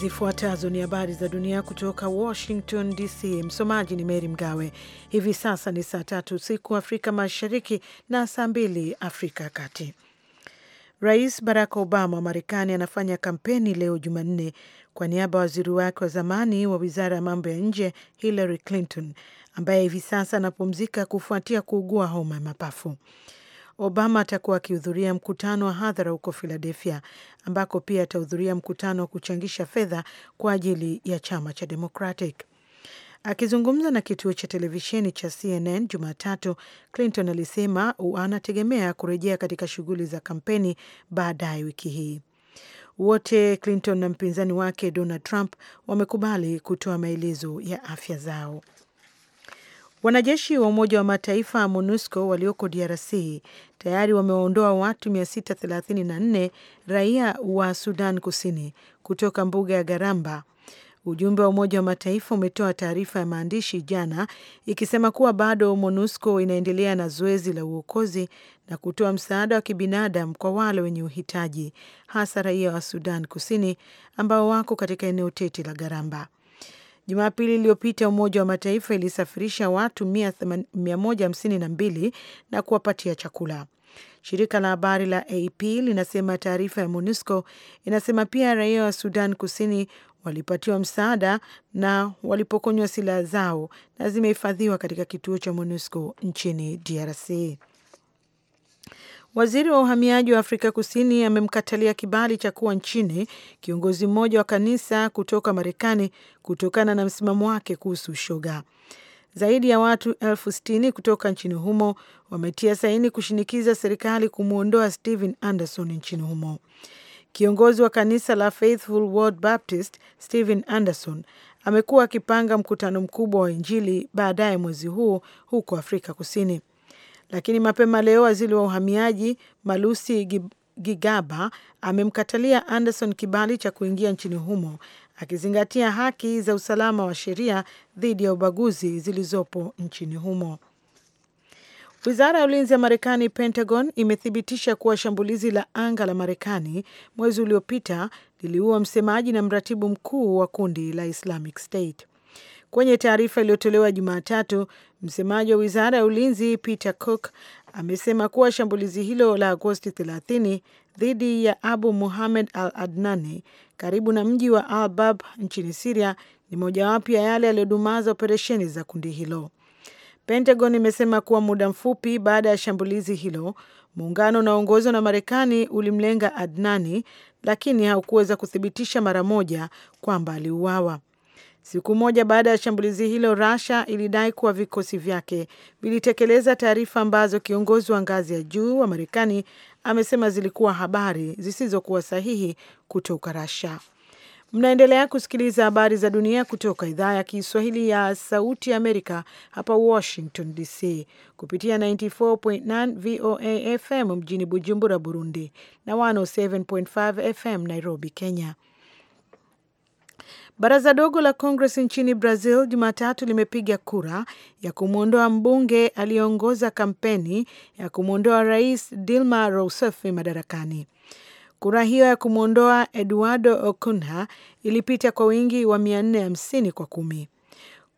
Zifuatazo ni habari za dunia kutoka Washington DC. Msomaji ni Meri Mgawe. Hivi sasa ni saa tatu usiku Afrika Mashariki na saa mbili Afrika ya Kati. Rais Barack Obama wa Marekani anafanya kampeni leo Jumanne kwa niaba ya waziri wake wa zamani wa wizara ya mambo ya nje Hillary Clinton ambaye hivi sasa anapumzika kufuatia kuugua homa ya mapafu. Obama atakuwa akihudhuria mkutano wa hadhara huko Philadelphia, ambako pia atahudhuria mkutano wa kuchangisha fedha kwa ajili ya chama cha Democratic. Akizungumza na kituo cha televisheni cha CNN Jumatatu, Clinton alisema anategemea kurejea katika shughuli za kampeni baadaye wiki hii. Wote Clinton na mpinzani wake Donald Trump wamekubali kutoa maelezo ya afya zao. Wanajeshi wa Umoja wa Mataifa MONUSCO walioko DRC tayari wamewaondoa watu 634 raia wa Sudan Kusini kutoka mbuga ya Garamba. Ujumbe wa Umoja wa Mataifa umetoa taarifa ya maandishi jana ikisema kuwa bado MONUSCO inaendelea na zoezi la uokozi na kutoa msaada wa kibinadamu kwa wale wenye uhitaji, hasa raia wa Sudan Kusini ambao wako katika eneo tete la Garamba. Jumapili iliyopita Umoja wa Mataifa ilisafirisha watu 152 na kuwapatia chakula. Shirika la habari la AP linasema taarifa ya MONUSCO inasema pia raia wa Sudan Kusini walipatiwa msaada na walipokonywa silaha zao na zimehifadhiwa katika kituo cha MONUSCO nchini DRC. Waziri wa uhamiaji wa Afrika Kusini amemkatalia kibali cha kuwa nchini kiongozi mmoja wa kanisa kutoka Marekani kutokana na msimamo wake kuhusu shoga. Zaidi ya watu elfu sitini kutoka nchini humo wametia saini kushinikiza serikali kumwondoa Stephen Anderson nchini humo. Kiongozi wa kanisa la Faithful World Baptist Stephen Anderson amekuwa akipanga mkutano mkubwa wa Injili baadaye mwezi huu huko Afrika Kusini. Lakini mapema leo waziri wa uhamiaji Malusi Gigaba amemkatalia Anderson kibali cha kuingia nchini humo akizingatia haki za usalama wa sheria dhidi ya ubaguzi zilizopo nchini humo. Wizara ya ulinzi ya Marekani, Pentagon, imethibitisha kuwa shambulizi la anga la Marekani mwezi uliopita liliua msemaji na mratibu mkuu wa kundi la Islamic State. Kwenye taarifa iliyotolewa Jumatatu, msemaji wa wizara ya ulinzi Peter Cook amesema kuwa shambulizi hilo la Agosti 30 dhidi ya Abu Muhamed al Adnani karibu na mji wa Al Bab nchini Siria ni mojawapo ya yale yaliyodumaza operesheni za kundi hilo. Pentagon imesema kuwa muda mfupi baada ya shambulizi hilo, muungano unaoongozwa na Marekani ulimlenga Adnani, lakini haukuweza kuthibitisha mara moja kwamba aliuawa. Siku moja baada ya shambulizi hilo, Russia ilidai kuwa vikosi vyake vilitekeleza taarifa ambazo kiongozi wa ngazi ya juu wa Marekani amesema zilikuwa habari zisizokuwa sahihi kutoka Russia. Mnaendelea kusikiliza habari za dunia kutoka idhaa ya Kiswahili ya Sauti Amerika hapa Washington DC, kupitia 94.9 VOA FM mjini Bujumbura, Burundi na 107.5 FM Nairobi, Kenya. Baraza dogo la Kongres nchini Brazil Jumatatu limepiga kura ya kumwondoa mbunge aliyeongoza kampeni ya kumwondoa Rais Dilma Rousseff madarakani. Kura hiyo ya kumwondoa Eduardo Cunha ilipita kwa wingi wa 450 kwa kumi.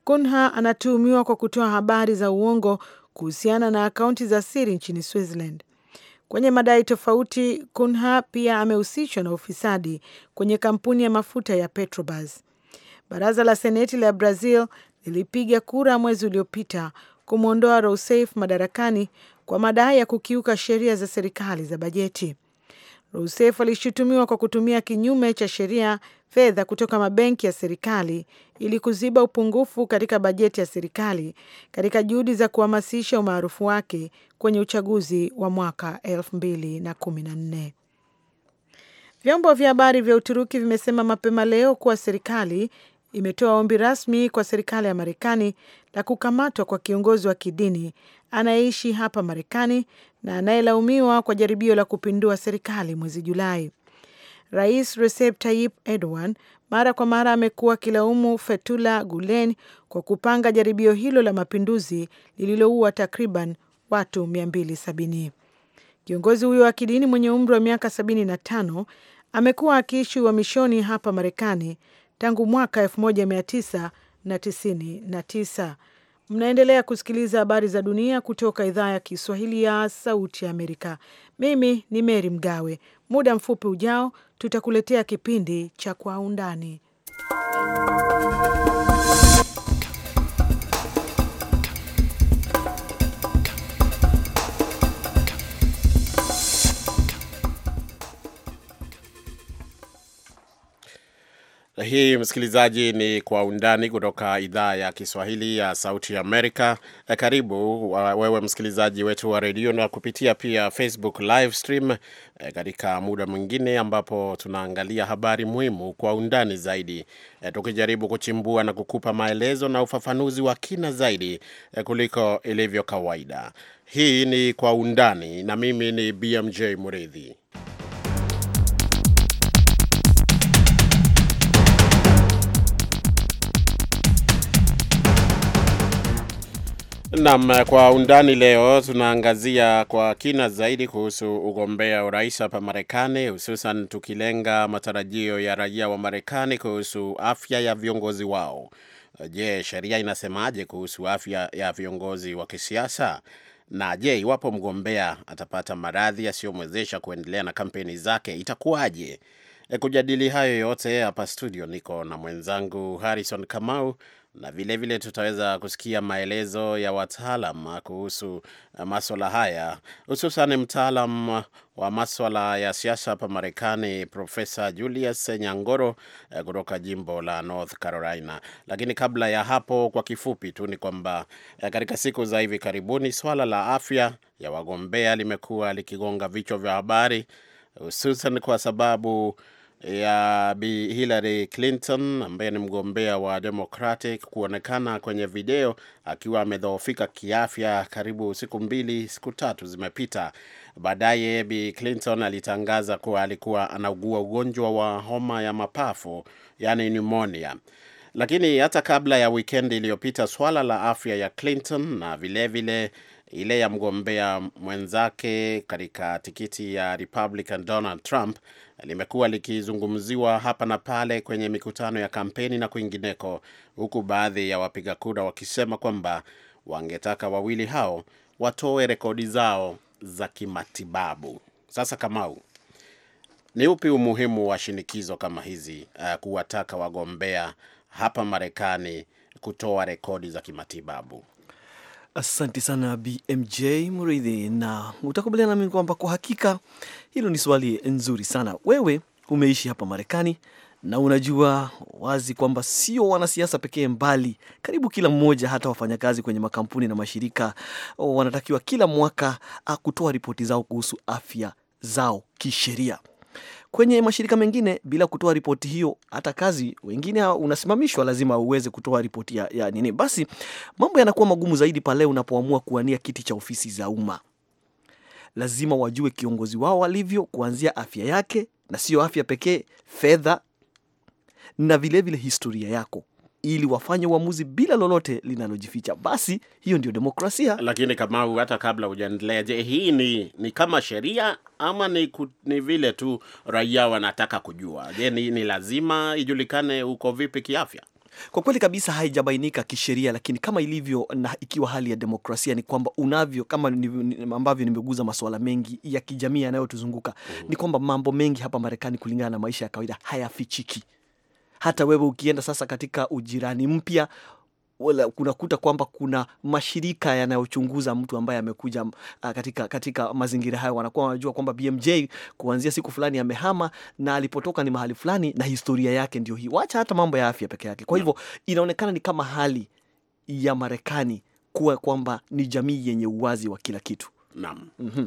Cunha anatuhumiwa kwa kutoa habari za uongo kuhusiana na akaunti za siri nchini Switzerland. Kwenye madai tofauti, kunha pia amehusishwa na ufisadi kwenye kampuni ya mafuta ya Petrobras. Baraza la Seneti la Brazil lilipiga kura mwezi uliopita kumwondoa Rousseff madarakani kwa madai ya kukiuka sheria za serikali za bajeti. Rousseff alishutumiwa kwa kutumia kinyume cha sheria fedha kutoka mabenki ya serikali ili kuziba upungufu katika bajeti ya serikali katika juhudi za kuhamasisha umaarufu wake kwenye uchaguzi wa mwaka 2014. Vyombo vya habari vya Uturuki vimesema mapema leo kuwa serikali imetoa ombi rasmi kwa serikali ya Marekani la kukamatwa kwa kiongozi wa kidini anayeishi hapa Marekani na anayelaumiwa kwa jaribio la kupindua serikali mwezi Julai. Rais Recep Tayyip Erdogan mara kwa mara amekuwa akilaumu Fethullah Gulen kwa kupanga jaribio hilo la mapinduzi lililoua takriban watu 270. Kiongozi huyo wa kidini mwenye umri wa miaka 75 amekuwa akiishi uhamishoni hapa Marekani tangu mwaka 1999. Mnaendelea kusikiliza habari za dunia kutoka idhaa ya Kiswahili ya Sauti ya Amerika. Mimi ni Meri Mgawe. Muda mfupi ujao, tutakuletea kipindi cha Kwa Undani. hii msikilizaji, ni Kwa Undani kutoka idhaa ya Kiswahili ya Sauti Amerika. Eh, karibu wewe msikilizaji wetu wa redio na kupitia pia Facebook live stream eh, katika muda mwingine ambapo tunaangalia habari muhimu kwa undani zaidi, eh, tukijaribu kuchimbua na kukupa maelezo na ufafanuzi wa kina zaidi kuliko ilivyo kawaida. Hii ni Kwa Undani na mimi ni BMJ Muridhi. Naam, kwa undani leo tunaangazia kwa kina zaidi kuhusu ugombea urais hapa Marekani, hususan tukilenga matarajio ya raia wa Marekani kuhusu afya ya viongozi wao. Je, sheria inasemaje kuhusu afya ya viongozi wa kisiasa? Na je, iwapo mgombea atapata maradhi yasiyomwezesha kuendelea na kampeni zake itakuwaje? E, kujadili hayo yote hapa studio niko na mwenzangu Harrison Kamau na vilevile vile tutaweza kusikia maelezo ya wataalam kuhusu maswala haya, hususan mtaalam wa maswala ya siasa hapa Marekani, Profesa Julius Nyangoro eh, kutoka jimbo la North Carolina. Lakini kabla ya hapo, kwa kifupi tu ni kwamba eh, katika siku za hivi karibuni swala la afya ya wagombea limekuwa likigonga vichwa vya habari, hususan kwa sababu ya Bi Hillary Clinton ambaye ni mgombea wa Democratic kuonekana kwenye video akiwa amedhoofika kiafya karibu siku mbili, siku tatu zimepita. Baadaye Bi Clinton alitangaza kuwa alikuwa anaugua ugonjwa wa homa ya mapafu, yani pneumonia. Lakini hata kabla ya wikendi iliyopita, swala la afya ya Clinton na vilevile vile ile ya mgombea mwenzake katika tikiti ya Republican Donald Trump limekuwa likizungumziwa hapa na pale kwenye mikutano ya kampeni na kwingineko, huku baadhi ya wapiga kura wakisema kwamba wangetaka wawili hao watoe rekodi zao za kimatibabu. Sasa Kamau, ni upi umuhimu wa shinikizo kama hizi uh, kuwataka wagombea hapa Marekani kutoa rekodi za kimatibabu? Asante sana BMJ Mridhi, na utakubaliana nami kwamba kwa hakika hilo ni swali nzuri sana. Wewe umeishi hapa Marekani na unajua wazi kwamba sio wanasiasa pekee, mbali karibu kila mmoja, hata wafanyakazi kwenye makampuni na mashirika wanatakiwa kila mwaka ah, kutoa ripoti zao kuhusu afya zao kisheria kwenye mashirika mengine bila kutoa ripoti hiyo, hata kazi wengine unasimamishwa, lazima uweze kutoa ripoti ya, ya nini. Basi mambo yanakuwa magumu zaidi pale unapoamua kuwania kiti cha ofisi za umma. Lazima wajue kiongozi wao alivyo, kuanzia afya yake, na sio afya pekee, fedha na vilevile vile historia yako ili wafanye uamuzi bila lolote linalojificha. Basi hiyo ndio demokrasia. Lakini Kamau, hata kabla hujaendelea, je, hii ni, ni kama sheria ama ni, ku, ni vile tu raia wanataka kujua? Je, ni, ni lazima ijulikane uko vipi kiafya? Kwa kweli kabisa haijabainika kisheria, lakini kama ilivyo na ikiwa hali ya demokrasia ni kwamba unavyo kama ambavyo nimeguza masuala mengi ya kijamii yanayotuzunguka, mm -hmm. ni kwamba mambo mengi hapa Marekani kulingana na maisha ya kawaida hayafichiki hata wewe ukienda sasa katika ujirani mpya kunakuta kwamba kuna mashirika yanayochunguza mtu ambaye amekuja ah, katika, katika mazingira hayo. Wanakuwa wanajua kwamba BMJ kuanzia siku fulani amehama na alipotoka ni mahali fulani na historia yake ndio hii, wacha hata mambo ya afya peke yake. Kwa hivyo inaonekana ni kama hali ya Marekani kuwa kwamba ni jamii yenye uwazi wa kila kitu. Naam. Mm -hmm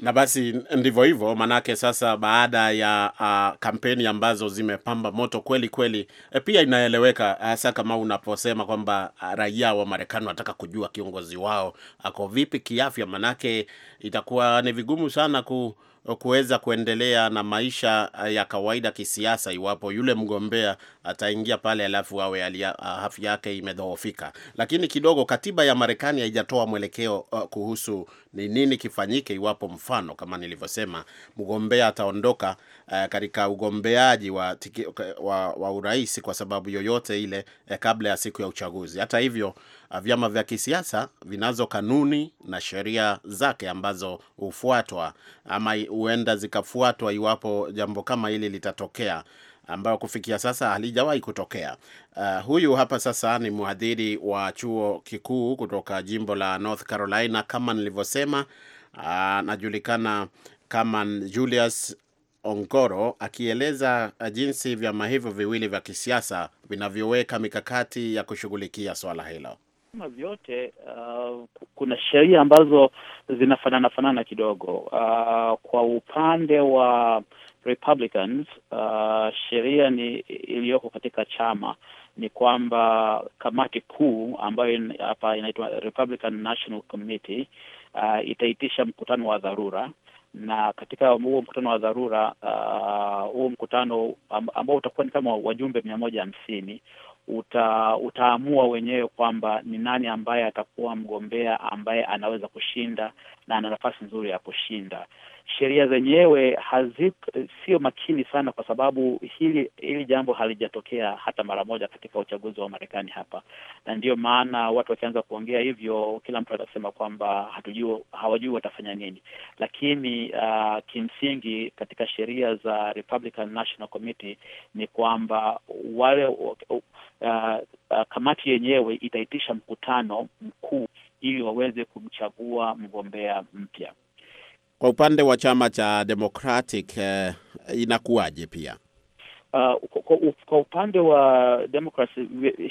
na basi ndivyo hivyo, manake sasa baada ya uh, kampeni ambazo zimepamba moto kweli kweli, e, pia inaeleweka hasa uh, kama unaposema kwamba uh, raia wa Marekani wanataka kujua kiongozi wao ako vipi kiafya, manake itakuwa ni vigumu sana ku kuweza kuendelea na maisha eh, ya kawaida kisiasa, iwapo yule mgombea ataingia pale alafu awe ah, afya yake imedhoofika. Lakini kidogo katiba ya Marekani haijatoa mwelekeo eh, kuhusu ni nini kifanyike iwapo, mfano kama nilivyosema, mgombea ataondoka uh, katika ugombeaji wa, tiki, wa, wa urais kwa sababu yoyote ile eh, kabla ya siku ya uchaguzi. Hata hivyo, eh, vyama vya kisiasa vinazo kanuni na sheria zake ambazo hufuatwa ama huenda zikafuatwa iwapo jambo kama hili litatokea ambayo kufikia sasa halijawahi kutokea. Uh, huyu hapa sasa ni mhadhiri wa chuo kikuu kutoka jimbo la North Carolina, kama nilivyosema, anajulikana uh, kama Julius Ongoro akieleza uh, jinsi vyama hivyo viwili vya kisiasa vinavyoweka mikakati ya kushughulikia swala hilo. Vyama vyote uh, kuna sheria ambazo zinafanana fanana kidogo. Uh, kwa upande wa Republicans uh, sheria ni iliyoko katika chama ni kwamba kamati kuu ambayo hapa inaitwa Republican National Committee uh, itaitisha mkutano wa dharura na katika huo mkutano wa dharura uh, huo uh, mkutano ambao utakuwa ni kama wajumbe mia moja hamsini uta, utaamua wenyewe kwamba ni nani ambaye atakuwa mgombea ambaye anaweza kushinda na ana nafasi nzuri ya kushinda. Sheria zenyewe hazi sio makini sana, kwa sababu hili hili jambo halijatokea hata mara moja katika uchaguzi wa Marekani hapa, na ndiyo maana watu wakianza kuongea hivyo, kila mtu atasema kwamba hatujui, hawajui watafanya nini. Lakini uh, kimsingi katika sheria za Republican National Committee ni kwamba wale uh, uh, kamati yenyewe itaitisha mkutano mkuu ili waweze kumchagua mgombea mpya. Kwa upande wa chama cha Democratic eh, inakuwaje pia? Uh, kwa, kwa upande wa Democrats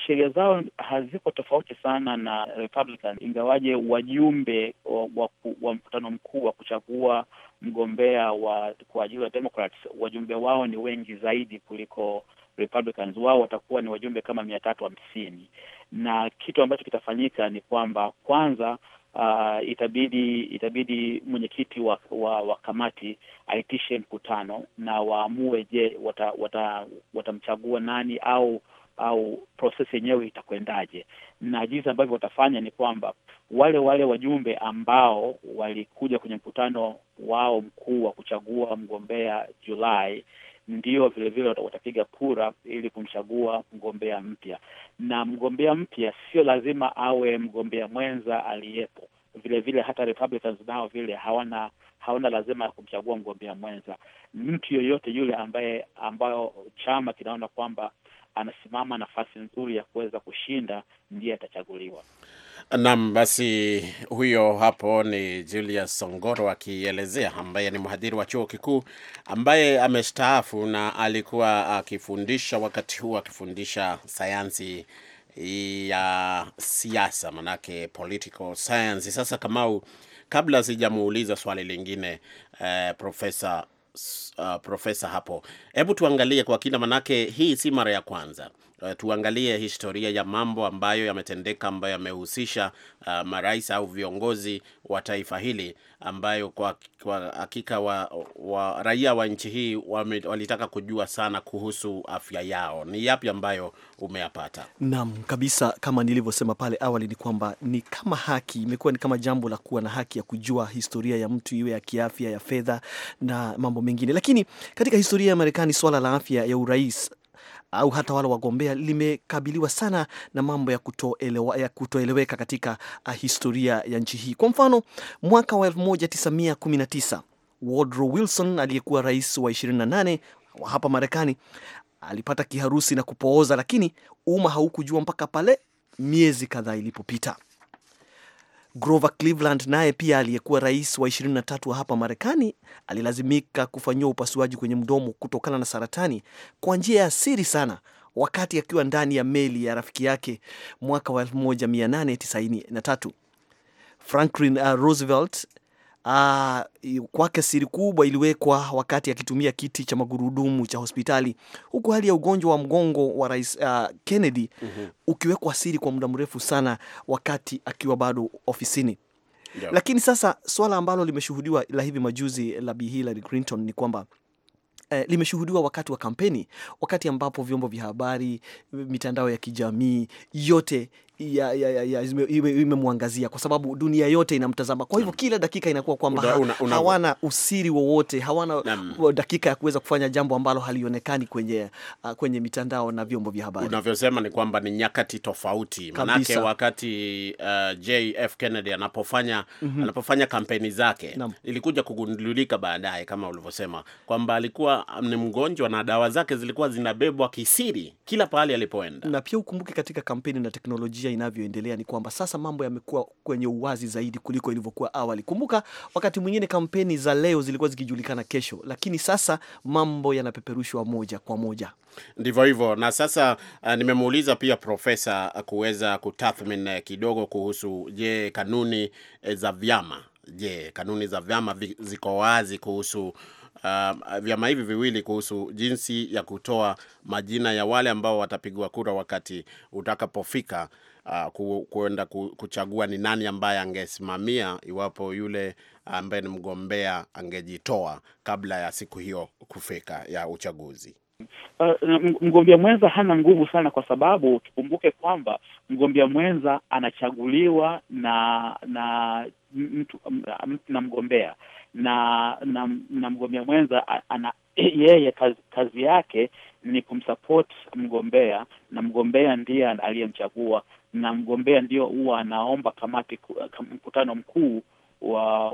sheria zao haziko tofauti sana na Republican, ingawaje wajumbe wa, wa mkutano mkuu wa kuchagua mgombea wa kwa ajili ya Democrats, wajumbe wao ni wengi zaidi kuliko Republicans, wao watakuwa ni wajumbe kama mia tatu hamsini na kitu ambacho kitafanyika ni kwamba kwanza Uh, itabidi itabidi mwenyekiti wa, wa, wa kamati aitishe mkutano na waamue, je, watamchagua wata, wata nani au au process yenyewe itakwendaje, na jinsi ambavyo watafanya ni kwamba wale wale wajumbe ambao walikuja kwenye mkutano wao mkuu wa kuchagua mgombea Julai ndio vilevile watapiga kura ili kumchagua mgombea mpya, na mgombea mpya sio lazima awe mgombea mwenza aliyepo. Vilevile hata Republicans nao vile hawana hawana lazima ya kumchagua mgombea mwenza. Mtu yoyote yule ambaye ambayo chama kinaona kwamba anasimama nafasi nzuri ya kuweza kushinda ndiye atachaguliwa. Nam, basi huyo hapo ni Julius Songoro akielezea, ambaye ni mhadhiri wa chuo kikuu ambaye amestaafu na alikuwa akifundisha wakati huu akifundisha sayansi ya siasa, manake political science. Sasa Kamau, kabla sijamuuliza swali lingine eh, profesa uh, profesa hapo, hebu tuangalie kwa kina, manake hii si mara ya kwanza Eh, tuangalie historia ya mambo ambayo yametendeka ambayo yamehusisha uh, marais au viongozi wa taifa hili ambayo kwa, kwa hakika wa, wa raia wa nchi hii walitaka kujua sana kuhusu afya yao. Ni yapi ambayo umeyapata? Naam, kabisa, kama nilivyosema pale awali ni kwamba ni kama haki imekuwa ni kama jambo la kuwa na haki ya kujua historia ya mtu, iwe ya kiafya, ya fedha na mambo mengine. Lakini katika historia ya Marekani, swala la afya ya urais au hata wala wagombea limekabiliwa sana na mambo ya kutoelewa, ya kutoeleweka katika ah, historia ya nchi hii. Kwa mfano mwaka wa 1919 Woodrow Wilson aliyekuwa rais wa 28 wa hapa Marekani alipata kiharusi na kupooza, lakini umma haukujua mpaka pale miezi kadhaa ilipopita. Grover Cleveland naye pia aliyekuwa rais wa 23 wa hapa Marekani alilazimika kufanyiwa upasuaji kwenye mdomo kutokana na saratani kwa njia ya siri sana wakati akiwa ndani ya meli ya rafiki yake mwaka wa 1893. Franklin uh, Roosevelt uh, kwake siri kubwa iliwekwa wakati akitumia kiti cha magurudumu cha hospitali, huku hali ya ugonjwa wa mgongo wa rais uh, Kennedy mm -hmm. ukiwekwa siri kwa muda mrefu sana wakati akiwa bado ofisini. Yep. Lakini sasa swala ambalo limeshuhudiwa la hivi majuzi la Bi Hillary Clinton ni kwamba eh, limeshuhudiwa wakati wa kampeni, wakati ambapo vyombo vya habari, mitandao ya kijamii yote ya, ya, ya, ya, imemwangazia kwa sababu dunia yote inamtazama. Kwa hivyo kila dakika inakuwa kwamba hawana usiri wowote, hawana Nam. dakika ya kuweza kufanya jambo ambalo halionekani kwenye, uh, kwenye mitandao na vyombo vya habari. Unavyosema ni kwamba ni nyakati tofauti, manake wakati uh, ah, JF Kennedy anapofanya mm -hmm. anapofanya kampeni zake Nam. ilikuja kugundulika baadaye kama ulivyosema kwamba alikuwa ah, ni mgonjwa na dawa zake zilikuwa zinabebwa kisiri kila pahali alipoenda, na pia ukumbuke katika kampeni na teknolojia teknolojia inavyoendelea ni kwamba sasa mambo yamekuwa kwenye uwazi zaidi kuliko ilivyokuwa awali. Kumbuka wakati mwingine kampeni za leo zilikuwa zikijulikana kesho, lakini sasa mambo yanapeperushwa moja kwa moja. Ndivyo hivyo. Na sasa uh, nimemuuliza pia profesa kuweza kutathmini eh, kidogo kuhusu, je, kanuni eh, za vyama, je, kanuni za vyama ziko wazi kuhusu uh, vyama hivi viwili kuhusu jinsi ya kutoa majina ya wale ambao watapigwa kura wakati utakapofika uh, kuenda kuchagua ni nani ambaye angesimamia iwapo yule ambaye ni mgombea angejitoa kabla ya siku hiyo kufika ya uchaguzi. Uh, mgombea mwenza hana nguvu sana, kwa sababu tukumbuke kwamba mgombea mwenza anachaguliwa na na mtu na mgombea na na, na mgombea mwenza ana yeye kazi, kazi yake ni kumsupport mgombea na mgombea ndiye aliyemchagua na mgombea ndio huwa anaomba kamati mkutano mkuu wa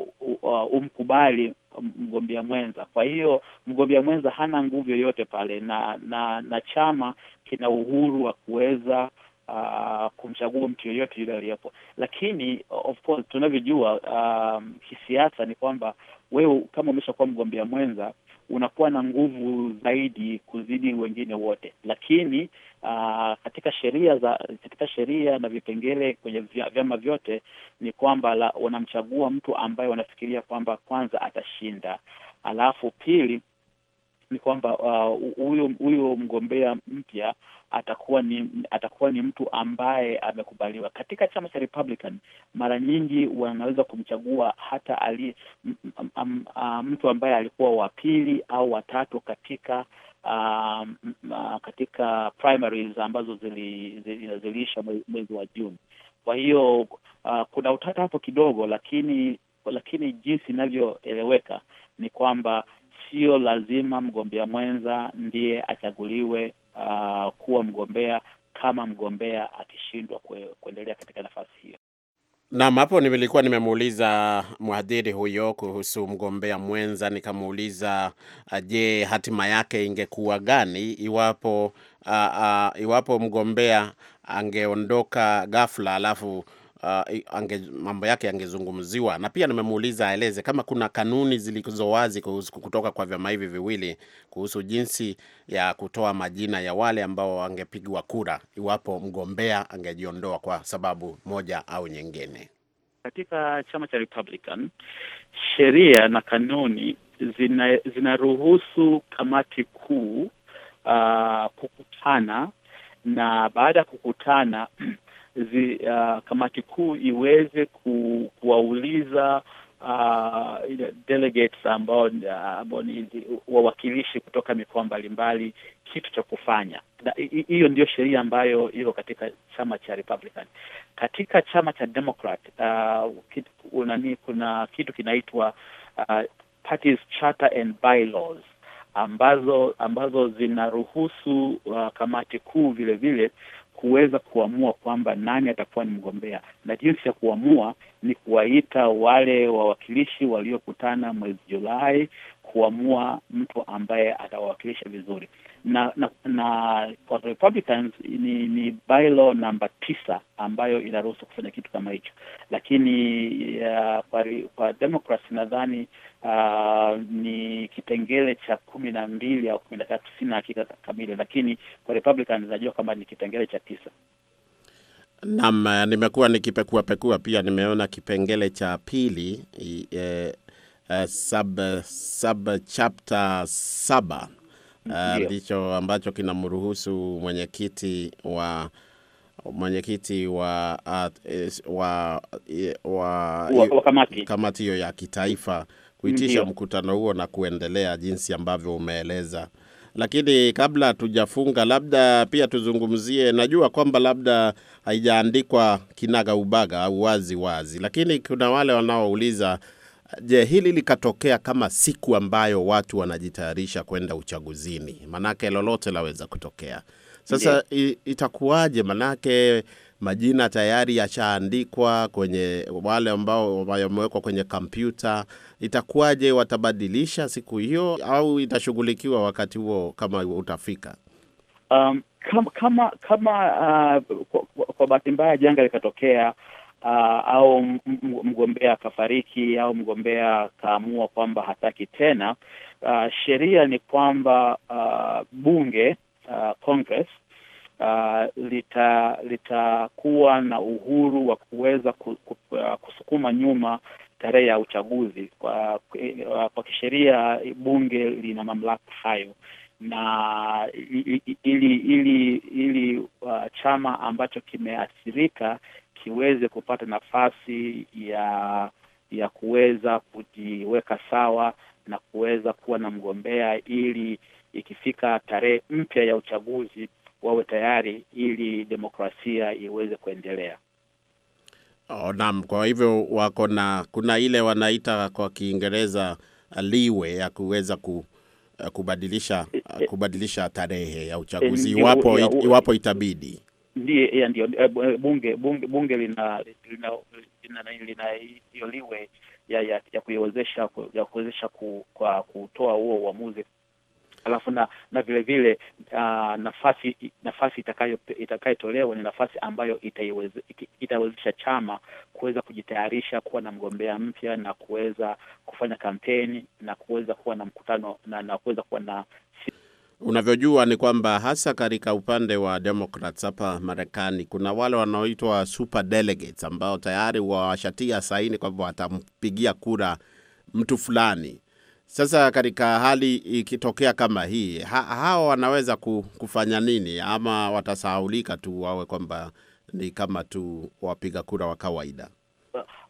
umkubali mgombea mwenza. Kwa hiyo mgombea mwenza hana nguvu yoyote pale, na na na chama kina uhuru wa kuweza uh, kumchagua mtu yeyote yule aliyepo, lakini uh, of course tunavyojua um, kisiasa ni kwamba wewe kama umeshakuwa mgombea mwenza unakuwa na nguvu zaidi kuzidi wengine wote, lakini uh, katika sheria za katika sheria na vipengele kwenye vyama vyote ni kwamba wanamchagua mtu ambaye wanafikiria kwamba kwanza atashinda, alafu pili ni kwamba uh, huyo uh, mgombea mpya atakuwa ni atakuwa ni mtu ambaye amekubaliwa katika chama cha Republican. Mara nyingi wanaweza kumchagua hata ali, m, m, m, m, mtu ambaye alikuwa wa pili au watatu katika um, uh, m, katika primaries ambazo zili, zili, ziliisha mwezi wa Juni. Kwa hiyo uh, kuna utata hapo kidogo, lakini lakini jinsi inavyoeleweka ni kwamba sio lazima mgombea mwenza ndiye achaguliwe uh, kuwa mgombea kama mgombea akishindwa kuendelea katika nafasi hiyo. nam hapo nilikuwa nimemuuliza mhadhiri huyo kuhusu mgombea mwenza, nikamuuliza uh, je, hatima yake ingekuwa gani iwapo uh, uh, iwapo mgombea angeondoka ghafla alafu uh, ange, mambo yake yangezungumziwa, na pia nimemuuliza aeleze kama kuna kanuni zilizo wazi kutoka kwa vyama hivi viwili kuhusu jinsi ya kutoa majina ya wale ambao wangepigwa kura iwapo mgombea angejiondoa kwa sababu moja au nyingine. Katika chama cha Republican sheria na kanuni zina, zinaruhusu kamati kuu uh, kukutana na baada ya kukutana zi, uh, kamati kuu iweze ku, kuwauliza Uh, delegates ambao uh, ambao ni wawakilishi kutoka mikoa mbalimbali kitu cha kufanya. Hiyo ndiyo sheria ambayo iko katika chama cha Republican. Katika chama cha Democrat uh, kitu, unani, kuna kitu kinaitwa uh, parties charter and bylaws ambazo ambazo zinaruhusu uh, kamati kuu vile vile kuweza kuamua kwamba nani atakuwa ni mgombea, na jinsi ya kuamua ni kuwaita wale wawakilishi waliokutana mwezi Julai kuamua mtu ambaye atawawakilisha vizuri na na, na kwa Republicans ni, ni bylaw namba tisa ambayo inaruhusu kufanya kitu kama hicho, lakini uh, kwa, kwa Democrats nadhani uh, ni kipengele cha kumi na mbili au kumi na tatu, sina hakika kamili, lakini kwa Republicans najua kwamba ni kipengele cha tisa. Naam, nimekuwa nikipekua pekua pia nimeona kipengele cha pili e, e, sub, sub chapter saba Uh, ndicho uh, ambacho kinamruhusu mwenyekiti wa mwenyekiti wa, uh, wa, uh, wa, wa kamati kamati hiyo ya kitaifa kuitisha Ndiyo. mkutano huo na kuendelea jinsi ambavyo umeeleza. Lakini kabla tujafunga, labda pia tuzungumzie, najua kwamba labda haijaandikwa kinaga ubaga au wazi wazi, lakini kuna wale wanaouliza Je, hili likatokea kama siku ambayo watu wanajitayarisha kwenda uchaguzini? Manake lolote laweza kutokea. Sasa yeah, itakuwaje? Manake majina tayari yashaandikwa kwenye wale ambao wamewekwa kwenye kompyuta. Itakuwaje? watabadilisha siku hiyo au itashughulikiwa wakati huo kama utafika? Um, kama kama, kama uh, kwa, kwa bahati mbaya janga likatokea uh, au mgombea akafariki au mgombea akaamua kwamba hataki tena, uh, sheria ni kwamba uh, bunge uh, Congress uh, litakuwa lita na uhuru wa kuweza kusukuma nyuma tarehe ya uchaguzi. Kwa, kwa kisheria bunge lina mamlaka hayo na ili ili ili uh, chama ambacho kimeathirika isiweze kupata nafasi ya ya kuweza kujiweka sawa na kuweza kuwa na mgombea ili ikifika tarehe mpya ya uchaguzi wawe tayari ili demokrasia iweze kuendelea. Oh, naam. Kwa hivyo wako na kuna ile wanaita kwa Kiingereza uh, liwe ya kuweza ku, uh, kubadilisha uh, e, e, kubadilisha tarehe ya e, uchaguzi iwapo iwapo itabidi ndiye ndio eh, eh, bunge bunge bunge lina lina lina lina liwe ya ya, ya kuiwezesha ya kuwezesha ku, kwa kutoa huo uamuzi alafu na na vile vile uh, nafasi nafasi itakayo itakayotolewa ni nafasi ambayo itawezesha chama kuweza kujitayarisha kuwa na mgombea mpya na kuweza kufanya kampeni na kuweza kuwa na mkutano na, na kuweza kuwa na Unavyojua ni kwamba hasa katika upande wa Democrats hapa Marekani kuna wale wanaoitwa super delegates ambao tayari wawashatia saini kwamba watampigia kura mtu fulani. Sasa katika hali ikitokea kama hii, ha hawa wanaweza kufanya nini? Ama watasahaulika tu, wawe kwamba ni kama tu wapiga kura wa kawaida?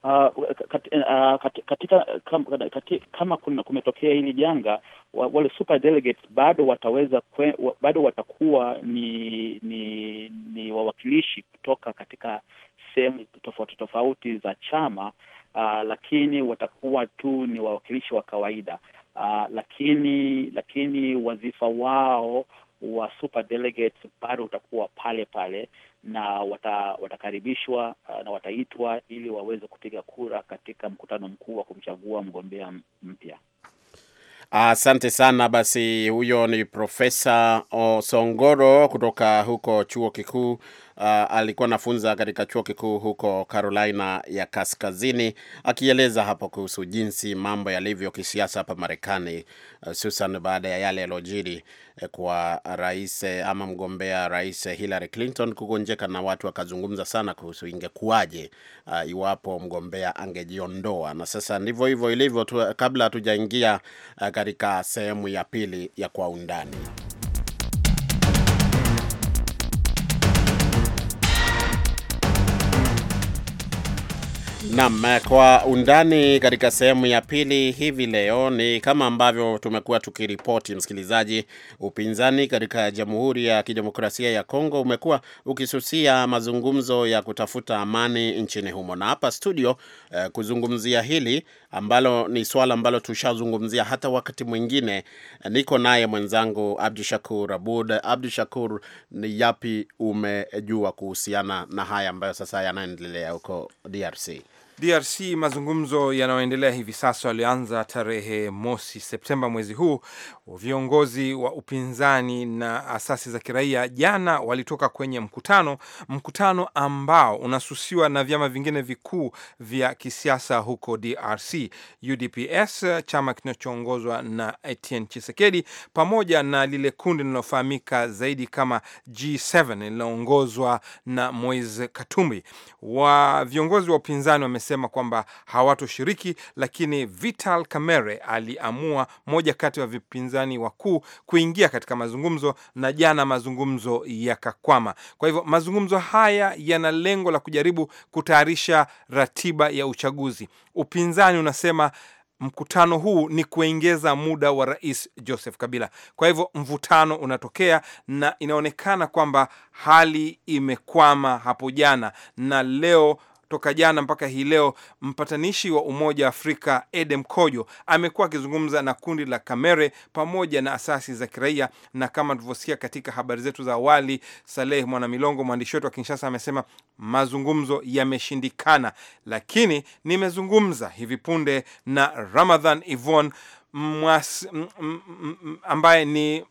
Uh, ah, kat, uh, ah, kat, katika kam, kati, kama kumetokea hili janga wale super delegates bado wataweza kwe, bado watakuwa ni ni ni wawakilishi kutoka katika sehemu tofauti tofauti za chama uh, lakini watakuwa tu ni wawakilishi wa kawaida uh, lakini lakini wazifa wao wa super delegates bado utakuwa pale pale na wata, watakaribishwa uh, na wataitwa ili waweze kupiga kura katika mkutano mkuu wa kumchagua mgombea mpya. Asante sana. Basi huyo ni Profesa Osongoro kutoka huko chuo kikuu uh, alikuwa anafunza katika chuo kikuu huko Carolina ya Kaskazini, akieleza hapo kuhusu jinsi mambo yalivyo kisiasa hapa Marekani, uh, hususan uh, baada ya yale yaliyojiri eh, kwa rais eh, ama mgombea rais eh, Hillary Clinton kugonjeka, na watu wakazungumza sana kuhusu ingekuwaje uh, iwapo mgombea angejiondoa. Na sasa ndivyo hivyo ilivyo tu, eh, kabla hatujaingia uh, katika sehemu ya pili ya kwa undani Naam, kwa undani katika sehemu ya pili hivi leo, ni kama ambavyo tumekuwa tukiripoti, msikilizaji, upinzani katika Jamhuri ya Kidemokrasia ya Kongo umekuwa ukisusia mazungumzo ya kutafuta amani nchini humo, na hapa studio eh, kuzungumzia hili ambalo ni swala ambalo tushazungumzia hata wakati mwingine, niko naye mwenzangu Abdu Shakur Abud. Abdu Shakur, ni yapi umejua kuhusiana na haya ambayo sasa yanaendelea huko DRC? DRC mazungumzo yanayoendelea hivi sasa yalianza tarehe mosi Septemba mwezi huu. Viongozi wa upinzani na asasi za kiraia jana walitoka kwenye mkutano, mkutano ambao unasusiwa na vyama vingine vikuu vya kisiasa huko DRC, UDPS, chama kinachoongozwa na Etienne chisekedi pamoja na lile kundi linalofahamika zaidi kama G7 linaloongozwa na Moise Katumbi. Wa viongozi wa upinzani wame wamesema kwamba hawatoshiriki, lakini Vital Kamerhe aliamua, moja kati ya vipinzani wakuu, kuingia katika mazungumzo, na jana mazungumzo yakakwama. Kwa hivyo mazungumzo haya yana lengo la kujaribu kutayarisha ratiba ya uchaguzi. Upinzani unasema mkutano huu ni kuongeza muda wa rais Joseph Kabila. Kwa hivyo mvutano unatokea na inaonekana kwamba hali imekwama hapo jana na leo Toka jana mpaka hii leo, mpatanishi wa Umoja wa Afrika Edem Kojo amekuwa akizungumza na kundi la Kamere pamoja na asasi za kiraia, na kama tulivyosikia katika habari zetu za awali, Saleh Mwanamilongo, mwandishi wetu wa Kinshasa, amesema mazungumzo yameshindikana, lakini nimezungumza hivi punde na Ramadhan Ivon Mwas, ambaye ni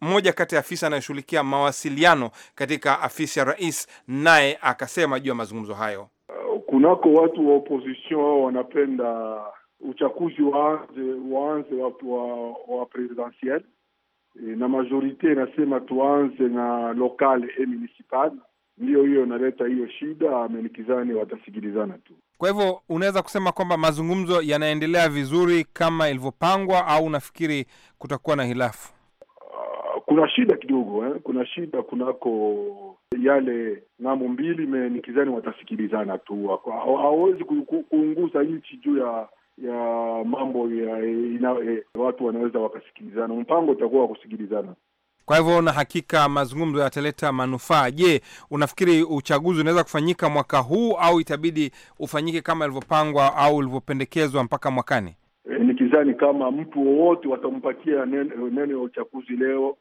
mmoja kati ya afisa anayoshughulikia mawasiliano katika afisi ya rais, naye akasema juu ya mazungumzo hayo kunako watu wa opposition hao wanapenda uchaguzi waanze waanze wa, wa presidentiel e, na majorite inasema tuanze na lokal e municipal. Ndiyo hiyo inaleta hiyo shida, amenikizani watasikilizana tu. Kwa hivyo unaweza kusema kwamba mazungumzo yanaendelea vizuri kama ilivyopangwa, au unafikiri kutakuwa na hilafu? kuna shida kidogo eh? Kuna shida kunako yale ng'ambo mbili me nikizani watasikilizana tu, hawawezi kuunguza nchi juu ya ya mambo ya ina, eh, watu wanaweza wakasikilizana, mpango utakuwa wa kusikilizana. Kwa hivyo na hakika mazungumzo yataleta manufaa. Je, unafikiri uchaguzi unaweza kufanyika mwaka huu au itabidi ufanyike kama ilivyopangwa au ilivyopendekezwa mpaka mwakani? E, nikizani kama mtu wowote watampatia neno ya uchaguzi leo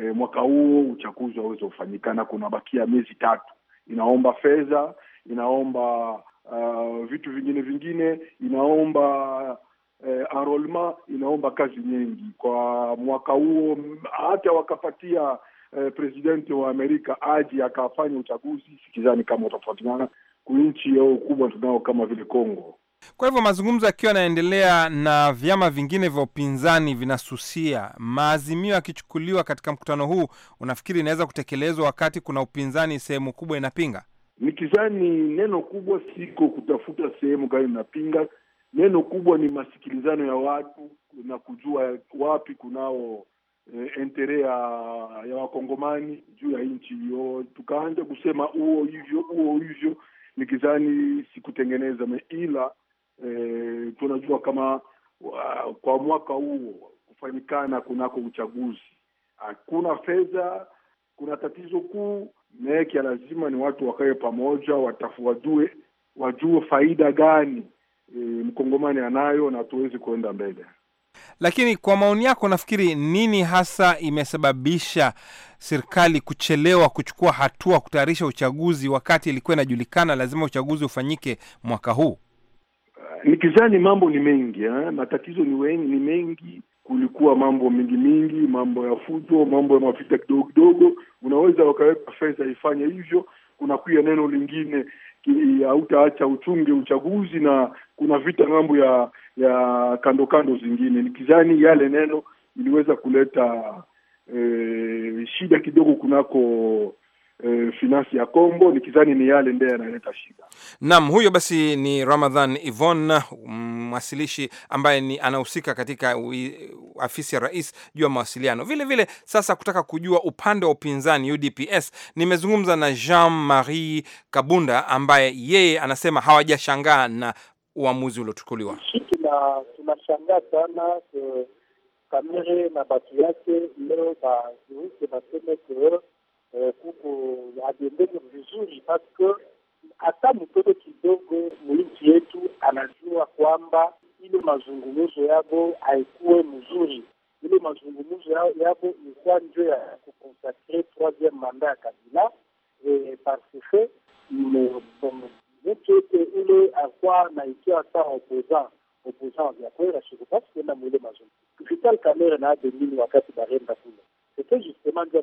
e, mwaka huo uchaguzi waweze kufanyikana. kuna bakia miezi tatu. Inaomba fedha, inaomba uh, vitu vingine vingine, inaomba uh, eh, arolma, inaomba kazi nyingi kwa mwaka huo. Hata wakapatia uh, eh, presidenti wa Amerika aji akafanya uchaguzi, sikizani kama watafuatana kunchi yao kubwa tunao kama vile Kongo kwa hivyo mazungumzo yakiwa yanaendelea na vyama vingine vya upinzani vinasusia, maazimio yakichukuliwa katika mkutano huu, unafikiri inaweza kutekelezwa wakati kuna upinzani sehemu kubwa inapinga? Nikizani neno kubwa siko kutafuta sehemu gani inapinga. Neno kubwa ni masikilizano ya watu na kujua wapi kunao e, entere ya, ya wakongomani juu ya nchi hiyo, tukaanja kusema huo hivyo huo hivyo. Nikizani sikutengeneza ila e, tunajua kama wa, uh, kwa mwaka huo kufanyikana kunako uchaguzi hakuna fedha, kuna tatizo kuu mekia, lazima ni watu wakae pamoja, wajue wajue faida gani e, mkongomani anayo na tuwezi kuenda mbele. Lakini kwa maoni yako, nafikiri nini hasa imesababisha serikali kuchelewa kuchukua hatua kutayarisha uchaguzi, wakati ilikuwa inajulikana lazima uchaguzi ufanyike mwaka huu? nikizani mambo ni mengi eh? matatizo ni wengi, ni mengi kulikuwa mambo mingi mingi, mambo ya fujo, mambo ya mavita kidogo kidogo, unaweza wakaweka fedha ifanye hivyo. Kuna kuya neno lingine hautaacha uchunge uchaguzi, na kuna vita ng'ambo ya ya kando kando zingine. Nikizani yale neno iliweza kuleta eh, shida kidogo kunako e, finance ya Kongo, nikizani ni yale ndiyo yanaleta shida. Naam, huyo basi ni Ramadhan Ivon, mwasilishi ambaye ni anahusika katika afisi ya rais juu ya mawasiliano. Vile vile sasa kutaka kujua upande wa upinzani UDPS, nimezungumza na Jean Marie Kabunda ambaye yeye anasema hawajashangaa na uamuzi uliochukuliwa. Tuna tunashangaa sana eh, Kamere na batu yake leo bazuuke baseme keo kuko euh, hajiendeke euh, vizuri, paske hata mtoto kidogo mwinchi yetu anajua kwamba ile mazungumuzo yabo haikuwe mzuri, ile mazungumuzo yabo ilikuwa njo ya kukonsakre troisieme manda ya Kabila parce mtu yote ule akuwa naikiwa saa opozan opozan wavyakweli ashikupasi kuenda mwile mazungumzo vital kamera na ademini wakati barenda kule sete justement ndio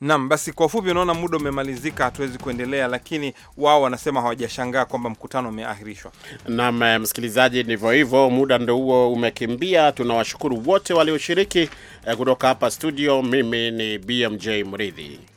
Naam, basi kwa ufupi, unaona muda umemalizika, hatuwezi kuendelea, lakini wao wanasema hawajashangaa kwamba mkutano umeahirishwa. Naam eh, msikilizaji, ndivyo hivyo, muda ndio huo umekimbia. Tunawashukuru wote walioshiriki eh, kutoka hapa studio. Mimi ni BMJ Mridhi.